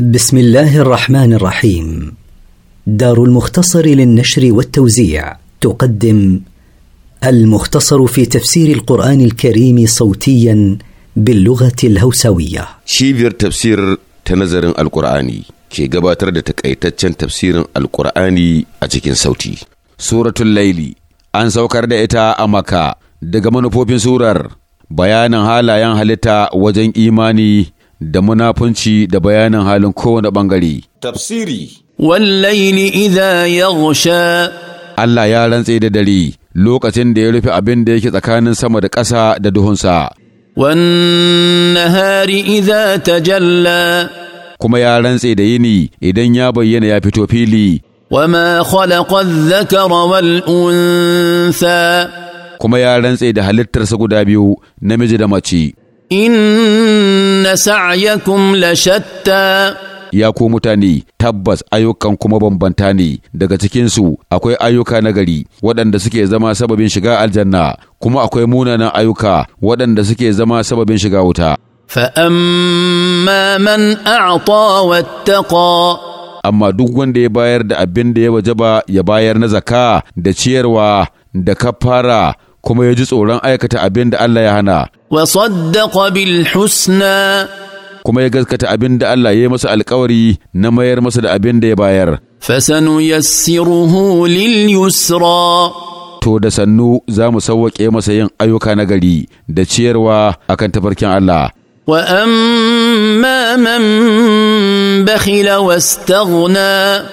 بسم الله الرحمن الرحيم دار المختصر للنشر والتوزيع تقدم المختصر في تفسير القرآن الكريم صوتيا باللغة الهوسوية شيفير تفسير تنظر القرآني كي قباتر تكأيتتشن تفسير القرآني أجيكين صوتي سورة الليل أن سوكر دائتا أمكا دقمانو بوبين سورر bayanin هالا ينهلتا وجن إيماني da munafunci da bayanin halin kowane ɓangare. Tafsiri Wallaini ya yaghsha Allah ya rantse da dare lokacin da ya rufe abin da yake tsakanin sama da ƙasa da duhunsa. Wannahari idha tajalla Kuma ya rantse da yini idan ya bayyana ya fito fili. Wama khalaqa dhakara wal Kuma ya rantse da halittarsa guda biyu namiji da mace. inna sa'yakum shatta ya ku mutane tabbas ayyukan kuma bambanta ne daga cikinsu akwai ayyuka na gari waɗanda suke zama sababin shiga aljanna kuma akwai munanan ayyuka waɗanda suke zama sababin shiga wuta فأما من أعطى واتقى amma duk wanda ya bayar da abin da ya wajaba ya bayar na zaka da ciyarwa da kafara kuma ya ji tsoron aikata abin da Allah ya hana. Wa saddaqa bil husna kuma ya gaskata abin da Allah ya yi masa alkawari na mayar masa da abin da ya bayar. Fasanuyassiruhu lil yusra to da sannu za mu sawwaƙe masa yin ayyuka na gari da ciyarwa akan tafarkin Allah. Wa amma man bakhila wastaghna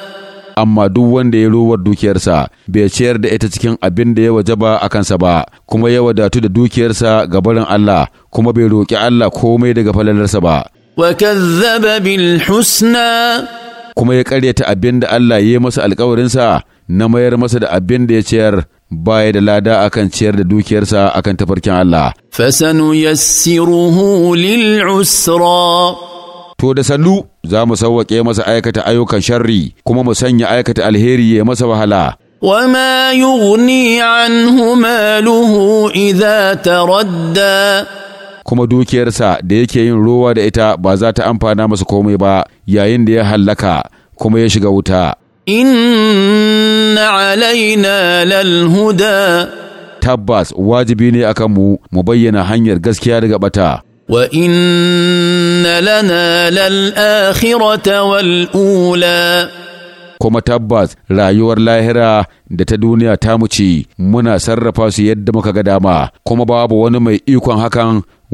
amma duk wanda ya rowar dukiyarsa bai ciyar da ita cikin abin da ya wajaba a kansa ba kuma ya wadatu da dukiyarsa ga barin Allah kuma bai roƙi Allah komai daga falalarsa ba wa kazzaba husna kuma ya karyata abin da Allah ya yi masa alkawarinsa na mayar masa da abin da ya ciyar baya da lada akan ciyar da dukiyarsa akan tafarkin Allah. Fasanu yassiruhu lil usra to da sannu za mu sauwaƙe masa aikata ayyukan sharri kuma mu sanya aikata alheri ya masa wahala وما يغني عنه ماله ta تردى kuma dukiyarsa da yake yin rowa da ita ba za ta amfana masa komai ba yayin da ya hallaka kuma ya shiga wuta. Inna alaina lalhuda Tabbas wajibi ne a mu mu bayyana hanyar gaskiya daga bata. Wa inna لنا للآخرة والأولى kuma tabbas rayuwar lahira da ta duniya ta muci muna sarrafa su yadda muka ga dama kuma babu wani mai ikon hakan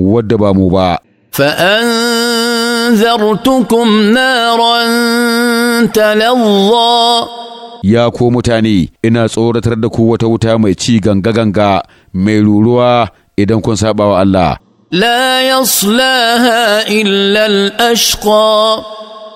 wadda ba mu ba fa'anzartukum naran talazza ya ko mutane ina tsoratar da ku wata wuta mai ci ganga ganga mai ruruwa idan kun saba wa Allah لا يصلاها إلا الأشقى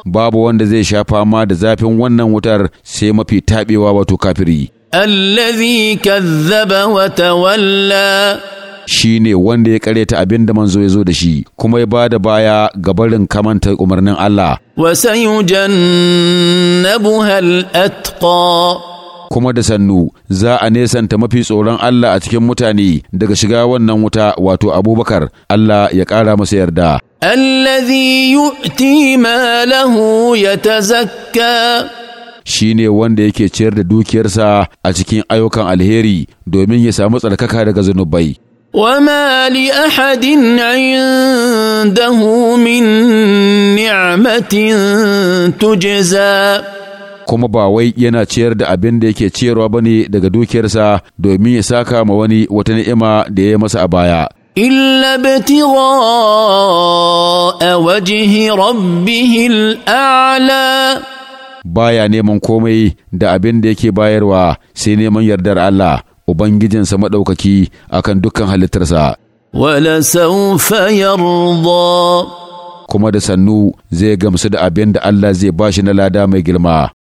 babu wanda zai sha fama da zafin wannan wutar sai mafi taɓewa wato kafiri. Allazi kazzaba wa tawalla shi ne wanda ya karyata abin da manzo ya zo da shi kuma ya ba da baya ga barin kamanta umarnin Allah. Wa sayujannabuha al-atqa kuma da sannu za a nesanta mafi tsoron Allah a cikin mutane daga shiga wannan wuta wato Abubakar Allah ya ƙara masa yarda. Allazi yu'ti malahu yatazakka shi ne wanda yake ciyar da dukiyarsa a cikin ayyukan alheri domin ya samu tsarkaka daga zunubai. وما ahadin عنده من نعمه تجزى kuma ba wai yana ciyar da abin da yake ciyarwa ba ne daga dukiyarsa domin ya saka ma wani wata ni'ima da ya yi masa a baya إلا ابتغاء وجه ربه الأعلى baya neman komai da abin da yake bayarwa sai neman yardar Allah Ubangijinsa maɗaukaki akan dukkan halittarsa. Wala saufa yarda kuma da sannu zai gamsu da abin da Allah zai bashi na lada mai girma.